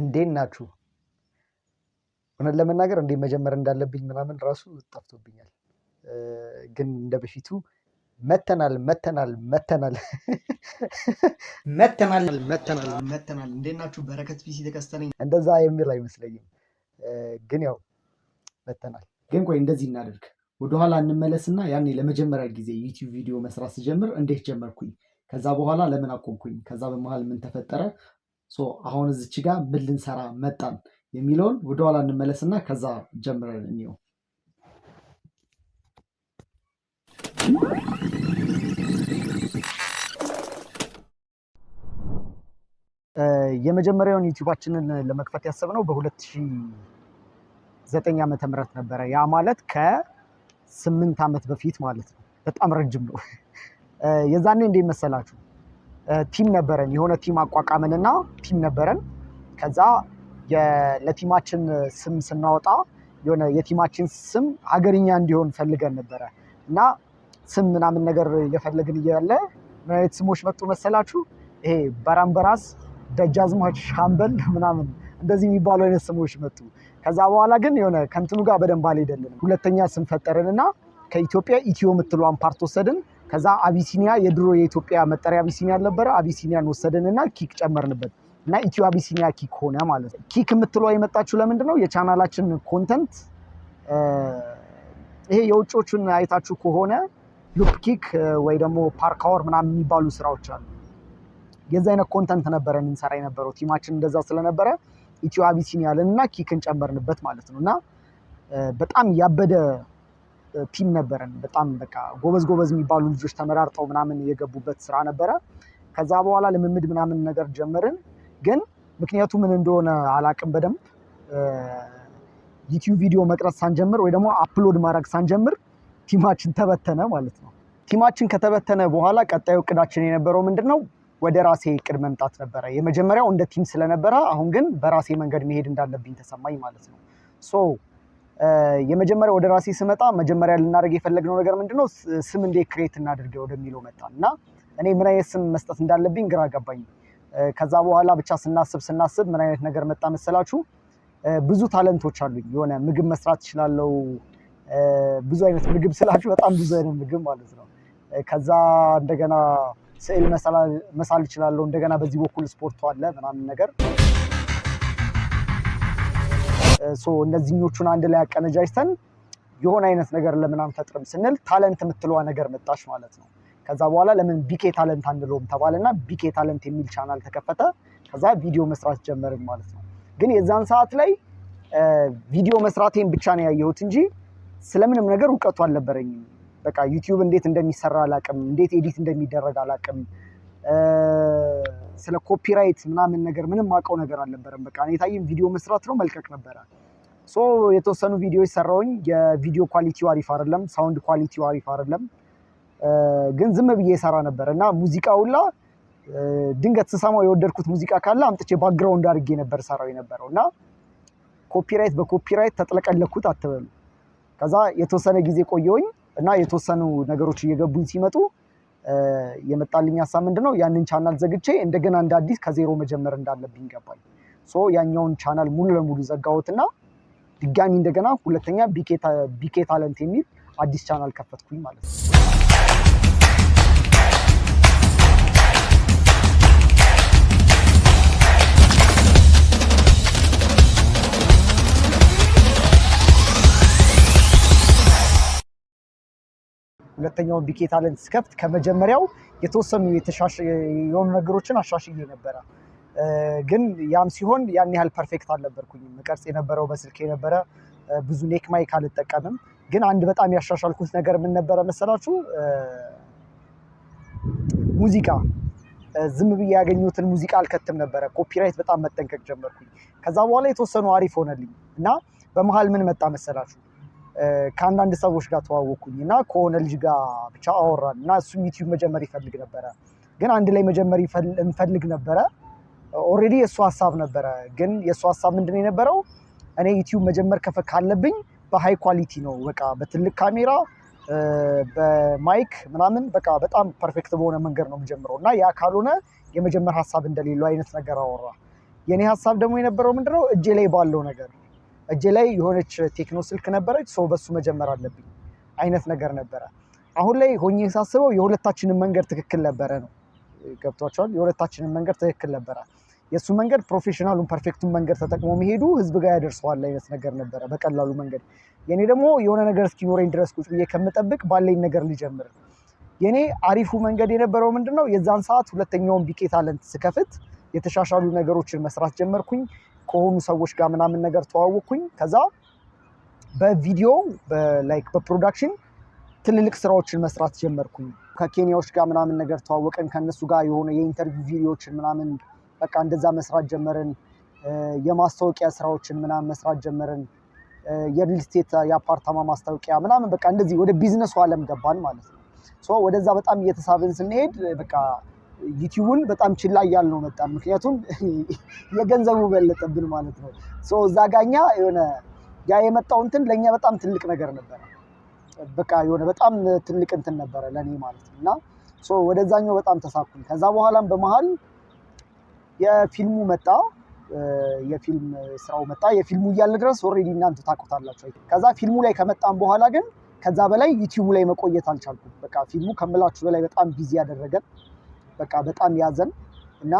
እንዴት ናችሁ? እውነት ለመናገር እንዴት መጀመር እንዳለብኝ ምናምን ራሱ ጠፍቶብኛል። ግን እንደ በፊቱ መተናል መተናል መተናል መተናል መተናል መተናል። እንዴት ናችሁ? በረከት ፒሲ ተከስተነኝ እንደዛ የሚል አይመስለኝም። ግን ያው መተናል። ግን ቆይ እንደዚህ እናደርግ፣ ወደኋላ እንመለስና ያኔ ለመጀመሪያ ጊዜ ዩቲዩብ ቪዲዮ መስራት ስጀምር እንዴት ጀመርኩኝ፣ ከዛ በኋላ ለምን አቆምኩኝ፣ ከዛ በመሀል ምን ተፈጠረ፣ አሁን እዚች ጋር ምን ልንሰራ መጣን የሚለውን ወደኋላ እንመለስና ከዛ ጀምረን እኒው የመጀመሪያውን ዩቲዩባችንን ለመክፈት ያሰብነው በ2009 ምት ነበረ። ያ ማለት ከስምንት ዓመት በፊት ማለት ነው። በጣም ረጅም ነው። የዛኔ እንደ መሰላችሁ ቲም ነበረን፣ የሆነ ቲም አቋቋምንና ቲም ነበረን። ከዛ ለቲማችን ስም ስናወጣ የሆነ የቲማችን ስም ሀገርኛ እንዲሆን ፈልገን ነበረ እና ስም ምናምን ነገር እየፈለግን እያለ ምን አይነት ስሞች መጡ መሰላችሁ? ይሄ በራምበራስ፣ ደጃዝማች፣ ሻምበል ምናምን እንደዚህ የሚባሉ አይነት ስሞች መጡ። ከዛ በኋላ ግን የሆነ ከንትኑ ጋር በደንብ አልሄደልንም። ሁለተኛ ስም ፈጠርን እና ከኢትዮጵያ ኢትዮ የምትሏን ፓርት ወሰድን። ከዛ አቢሲኒያ የድሮ የኢትዮጵያ መጠሪያ አቢሲኒያ ነበረ። አቢሲኒያን ወሰደንና ኪክ ጨመርንበት እና ኢትዮ አቢሲኒያ ኪክ ሆነ ማለት ነው። ኪክ የምትለው የመጣችው ለምንድን ነው? የቻናላችን ኮንተንት ይሄ የውጮቹን አይታችሁ ከሆነ ሉፕ ኪክ ወይ ደግሞ ፓርካወር ምናምን የሚባሉ ስራዎች አሉ። የዚ አይነት ኮንተንት ነበረ የምንሰራ የነበረው ቲማችን እንደዛ ስለነበረ ኢትዮ አቢሲኒያ ያለን እና ኪክን ጨመርንበት ማለት ነው እና በጣም ያበደ ቲም ነበረን። በጣም በቃ ጎበዝ ጎበዝ የሚባሉ ልጆች ተመራርጠው ምናምን የገቡበት ስራ ነበረ። ከዛ በኋላ ልምምድ ምናምን ነገር ጀመርን። ግን ምክንያቱ ምን እንደሆነ አላቅም በደንብ ዩቲዩብ ቪዲዮ መቅረጽ ሳንጀምር ወይ ደግሞ አፕሎድ ማድረግ ሳንጀምር ቲማችን ተበተነ ማለት ነው። ቲማችን ከተበተነ በኋላ ቀጣዩ እቅዳችን የነበረው ምንድን ነው? ወደ ራሴ እቅድ መምጣት ነበረ። የመጀመሪያው እንደ ቲም ስለነበረ፣ አሁን ግን በራሴ መንገድ መሄድ እንዳለብኝ ተሰማኝ ማለት ነው ሶ የመጀመሪያ ወደ ራሴ ስመጣ መጀመሪያ ልናደርግ የፈለግነው ነገር ምንድነው ስም እንዴት ክሬት እናድርገ ወደሚለው መጣ እና እኔ ምን አይነት ስም መስጠት እንዳለብኝ ግራ ገባኝ። ከዛ በኋላ ብቻ ስናስብ ስናስብ ምን አይነት ነገር መጣ መሰላችሁ? ብዙ ታለንቶች አሉኝ። የሆነ ምግብ መስራት ይችላለው ብዙ አይነት ምግብ ስላችሁ በጣም ብዙ አይነት ምግብ ማለት ነው። ከዛ እንደገና ስዕል መሳል እችላለሁ። እንደገና በዚህ በኩል ስፖርት አለ ምናምን ነገር እነዚህኞቹን አንድ ላይ አቀነጃጅተን የሆነ አይነት ነገር ለምን አንፈጥርም ስንል ታለንት የምትለዋ ነገር መጣች ማለት ነው። ከዛ በኋላ ለምን ቢኬ ታለንት አንለውም ተባለና ቢኬ ታለንት የሚል ቻናል ተከፈተ። ከዛ ቪዲዮ መስራት ጀመርን ማለት ነው። ግን የዛን ሰዓት ላይ ቪዲዮ መስራቴን ብቻ ነው ያየሁት እንጂ ስለምንም ነገር እውቀቱ አልነበረኝም። በቃ ዩቲዩብ እንዴት እንደሚሰራ አላቅም፣ እንዴት ኤዲት እንደሚደረግ አላቅም። ስለ ኮፒራይት ምናምን ነገር ምንም አውቀው ነገር አልነበረም። በቃ የታየኝ ቪዲዮ መስራት ነው መልቀቅ ነበረ። ሶ የተወሰኑ ቪዲዮዎች ሰራውኝ። የቪዲዮ ኳሊቲው አሪፍ አይደለም፣ ሳውንድ ኳሊቲው አሪፍ አይደለም፣ ግን ዝም ብዬ የሰራ ነበር እና ሙዚቃ ሁላ ድንገት ስሰማው የወደድኩት ሙዚቃ ካለ አምጥቼ ባክግራውንድ አድርጌ ነበር ሰራው የነበረው እና ኮፒራይት በኮፒራይት ተጥለቀለኩት አትበሉ። ከዛ የተወሰነ ጊዜ ቆየውኝ እና የተወሰኑ ነገሮች እየገቡኝ ሲመጡ የመጣልኝ ሀሳብ ምንድን ነው? ያንን ቻናል ዘግቼ እንደገና እንደ አዲስ ከዜሮ መጀመር እንዳለብኝ ገባኝ። ሶ ያኛውን ቻናል ሙሉ ለሙሉ ዘጋሁትና ድጋሚ እንደገና ሁለተኛ ቢኬ ታለንት የሚል አዲስ ቻናል ከፈትኩኝ ማለት ነው። ሁለተኛውን ቢኬ ታለንት ስከፍት ከመጀመሪያው የተወሰኑ የሆኑ ነገሮችን አሻሽዬ ነበረ። ግን ያም ሲሆን ያን ያህል ፐርፌክት አልነበርኩኝም። ቀርጽ የነበረው በስልክ የነበረ ብዙ ኔክ ማይክ አልጠቀምም። ግን አንድ በጣም ያሻሻልኩት ነገር ምን ነበረ መሰላችሁ? ሙዚቃ ዝም ብዬ ያገኘሁትን ሙዚቃ አልከትም ነበረ። ኮፒራይት በጣም መጠንቀቅ ጀመርኩኝ። ከዛ በኋላ የተወሰኑ አሪፍ ሆነልኝ እና በመሀል ምን መጣ መሰላችሁ ከአንዳንድ ሰዎች ጋር ተዋወቅኩኝ እና ከሆነ ልጅ ጋር ብቻ አወራን እና እሱ ዩቲዩብ መጀመር ይፈልግ ነበረ፣ ግን አንድ ላይ መጀመር እንፈልግ ነበረ። ኦልሬዲ የእሱ ሀሳብ ነበረ፣ ግን የእሱ ሀሳብ ምንድን ነው የነበረው? እኔ ዩቲዩብ መጀመር ከፈ ካለብኝ በሃይ ኳሊቲ ነው በቃ በትልቅ ካሜራ በማይክ ምናምን በቃ በጣም ፐርፌክት በሆነ መንገድ ነው የምጀምረው እና ያ ካልሆነ የመጀመር ሀሳብ እንደሌለው አይነት ነገር አወራ። የእኔ ሀሳብ ደግሞ የነበረው ምንድነው እጄ ላይ ባለው ነገር እጄ ላይ የሆነች ቴክኖ ስልክ ነበረች። ሰው በሱ መጀመር አለብኝ አይነት ነገር ነበረ። አሁን ላይ ሆኜ ሳስበው የሁለታችንን መንገድ ትክክል ነበረ ነው። ገብቷቸዋል። የሁለታችንን መንገድ ትክክል ነበረ። የእሱ መንገድ ፕሮፌሽናሉን ፐርፌክቱን መንገድ ተጠቅሞ መሄዱ ህዝብ ጋር ያደርሰዋል አይነት ነገር ነበረ፣ በቀላሉ መንገድ። የኔ ደግሞ የሆነ ነገር እስኪኖረኝ ድረስ ቁጭ ብዬ ከምጠብቅ ባለኝ ነገር ሊጀምር። የኔ አሪፉ መንገድ የነበረው ምንድን ነው? የዛን ሰዓት ሁለተኛውን ቢቄ ታለንት ስከፍት የተሻሻሉ ነገሮችን መስራት ጀመርኩኝ። ከሆኑ ሰዎች ጋር ምናምን ነገር ተዋወቅኩኝ። ከዛ በቪዲዮ ላይክ በፕሮዳክሽን ትልልቅ ስራዎችን መስራት ጀመርኩኝ። ከኬንያዎች ጋር ምናምን ነገር ተዋወቀን። ከእነሱ ጋር የሆነ የኢንተርቪው ቪዲዮዎችን ምናምን በቃ እንደዛ መስራት ጀመርን። የማስታወቂያ ስራዎችን ምናምን መስራት ጀመርን። የሪልስቴት የአፓርታማ ማስታወቂያ ምናምን በቃ እንደዚህ ወደ ቢዝነሱ አለም ገባን ማለት ነው። ወደዛ በጣም እየተሳብን ስንሄድ በቃ ዩቲዩብን በጣም ችላ እያል ነው መጣ። ምክንያቱም የገንዘቡ በለጠብን ማለት ነው። እዛ ጋኛ የሆነ ያ የመጣው እንትን ለእኛ በጣም ትልቅ ነገር ነበረ። በቃ የሆነ በጣም ትልቅ እንትን ነበረ ለእኔ ማለት ነው። እና ወደዛኛው በጣም ተሳኩኝ። ከዛ በኋላም በመሀል የፊልሙ መጣ፣ የፊልም ስራው መጣ። የፊልሙ እያለ ድረስ ኦልሬዲ እናንተ ታውቁታላችሁ። ከዛ ፊልሙ ላይ ከመጣም በኋላ ግን ከዛ በላይ ዩቲዩቡ ላይ መቆየት አልቻልኩም። በቃ ፊልሙ ከምላችሁ በላይ በጣም ቢዚ ያደረገን በቃ በጣም ያዘን እና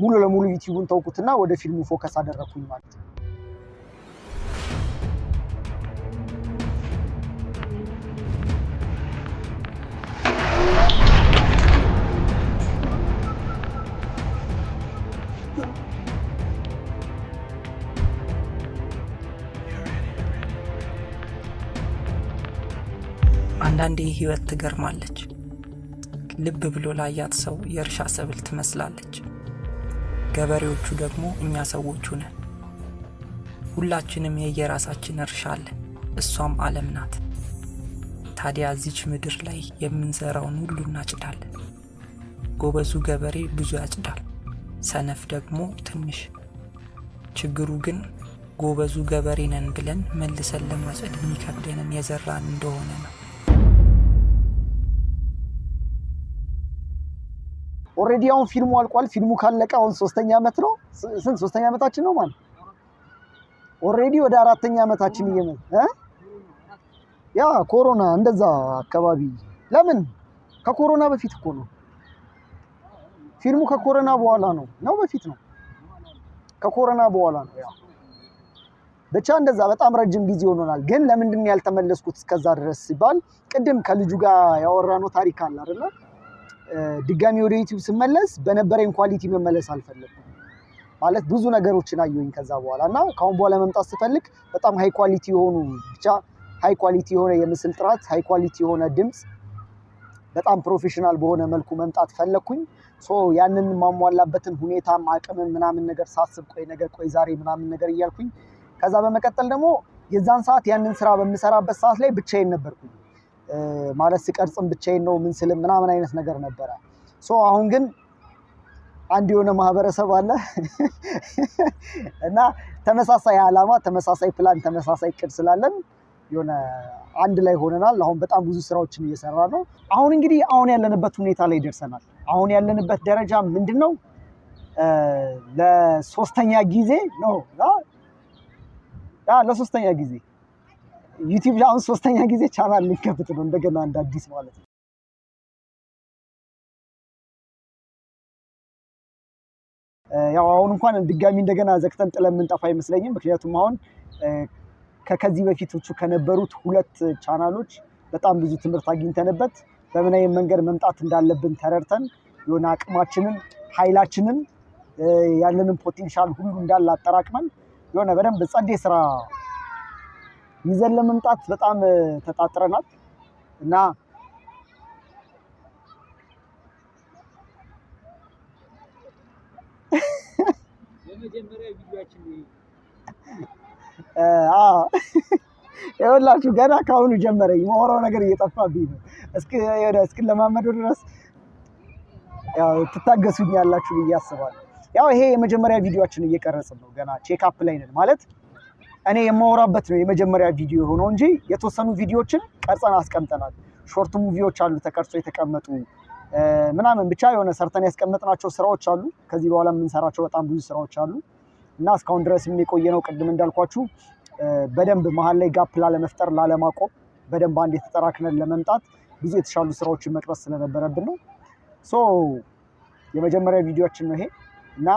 ሙሉ ለሙሉ ዩቲዩቡን ተውኩትና ወደ ፊልሙ ፎከስ አደረግኩኝ ማለት ነው። አንዳንዴ ህይወት ትገርማለች። ልብ ብሎ ላያት ሰው የእርሻ ሰብል ትመስላለች። ገበሬዎቹ ደግሞ እኛ ሰዎቹ ነን። ሁላችንም የየራሳችን እርሻ አለ እሷም ዓለም ናት። ታዲያ እዚች ምድር ላይ የምንዘራውን ሁሉ እናጭዳለን። ጎበዙ ገበሬ ብዙ ያጭዳል፣ ሰነፍ ደግሞ ትንሽ። ችግሩ ግን ጎበዙ ገበሬ ነን ብለን መልሰን ለማጨድ የሚከብደንን የዘራን እንደሆነ ነው። ኦልሬዲ አሁን ፊልሙ አልቋል። ፊልሙ ካለቀ አሁን ሶስተኛ ዓመት ነው። ስንት ሶስተኛ ዓመታችን ነው ማለት ኦልሬዲ ወደ አራተኛ ዓመታችን እየመ ያ ኮሮና እንደዛ አካባቢ ለምን ከኮሮና በፊት እኮ ነው ፊልሙ ከኮሮና በኋላ ነው ነው በፊት ነው ከኮሮና በኋላ ነው። ያ ብቻ እንደዛ በጣም ረጅም ጊዜ ሆኖናል። ግን ለምንድን ያልተመለስኩት እስከዛ ድረስ ሲባል ቅድም ከልጁ ጋር ያወራነው ታሪክ አለ አይደለ ድጋሚ ወደ ዩቲዩብ ስመለስ በነበረኝ ኳሊቲ መመለስ አልፈለግኩም። ማለት ብዙ ነገሮችን አየሁኝ ከዛ በኋላ እና ከአሁን በኋላ መምጣት ስፈልግ በጣም ሀይ ኳሊቲ የሆኑ ብቻ ሀይ ኳሊቲ የሆነ የምስል ጥራት፣ ሃይ ኳሊቲ የሆነ ድምፅ፣ በጣም ፕሮፌሽናል በሆነ መልኩ መምጣት ፈለግኩኝ። ሶ ያንን ማሟላበትን ሁኔታም አቅምን ምናምን ነገር ሳስብ ቆይ ነገር ቆይ ዛሬ ምናምን ነገር እያልኩኝ ከዛ በመቀጠል ደግሞ የዛን ሰዓት ያንን ስራ በምሰራበት ሰዓት ላይ ብቻዬን ነበርኩኝ። ማለት ስቀርጽም ብቻዬን ነው ምን ስልም ምናምን አይነት ነገር ነበረ። ሶ አሁን ግን አንድ የሆነ ማህበረሰብ አለ እና ተመሳሳይ ዓላማ፣ ተመሳሳይ ፕላን፣ ተመሳሳይ ቅድ ስላለን የሆነ አንድ ላይ ሆነናል። አሁን በጣም ብዙ ስራዎችን እየሰራ ነው። አሁን እንግዲህ አሁን ያለንበት ሁኔታ ላይ ደርሰናል። አሁን ያለንበት ደረጃ ምንድን ነው? ለሶስተኛ ጊዜ ነው ለሶስተኛ ጊዜ ዩቲዩብ አሁን ሶስተኛ ጊዜ ቻናል ሊከፍት ነው እንደገና እንደ አዲስ ማለት ነው። ያው አሁን እንኳን ድጋሚ እንደገና ዘግተን ጥለን የምንጠፋ አይመስለኝም። ምክንያቱም አሁን ከከዚህ በፊቶቹ ከነበሩት ሁለት ቻናሎች በጣም ብዙ ትምህርት አግኝተንበት በምን አይነት መንገድ መምጣት እንዳለብን ተረድተን የሆነ አቅማችንን፣ ኃይላችንን ያለንን ፖቴንሻል ሁሉ እንዳለ አጠራቅመን የሆነ በደንብ ጸዴ ስራ ይዘን ለመምጣት በጣም ተጣጥረናል እና የወላችሁ ገና ከአሁኑ ጀመረኝ። መሆረው ነገር እየጠፋብኝ ነው። እስክንለማመዱ ድረስ ትታገሱኝ ያላችሁ ብዬ አስባለሁ። ያው ይሄ የመጀመሪያ ቪዲዮችን እየቀረጽን ነው። ገና ቼክ አፕ ላይ ነን ማለት እኔ የማወራበት ነው የመጀመሪያ ቪዲዮ የሆነው እንጂ የተወሰኑ ቪዲዮዎችን ቀርጸን አስቀምጠናል። ሾርት ሙቪዎች አሉ ተቀርጾ የተቀመጡ ምናምን ብቻ የሆነ ሰርተን ያስቀመጥናቸው ስራዎች አሉ። ከዚህ በኋላ የምንሰራቸው በጣም ብዙ ስራዎች አሉ እና እስካሁን ድረስ የሚቆየ ነው። ቅድም እንዳልኳችሁ በደንብ መሀል ላይ ጋፕ ላለመፍጠር፣ ላለማቆም በደንብ አንድ የተጠራክነን ለመምጣት ብዙ የተሻሉ ስራዎችን መቅረጽ ስለነበረብን ነው። ሶ የመጀመሪያ ቪዲዮችን ነው ይሄ እና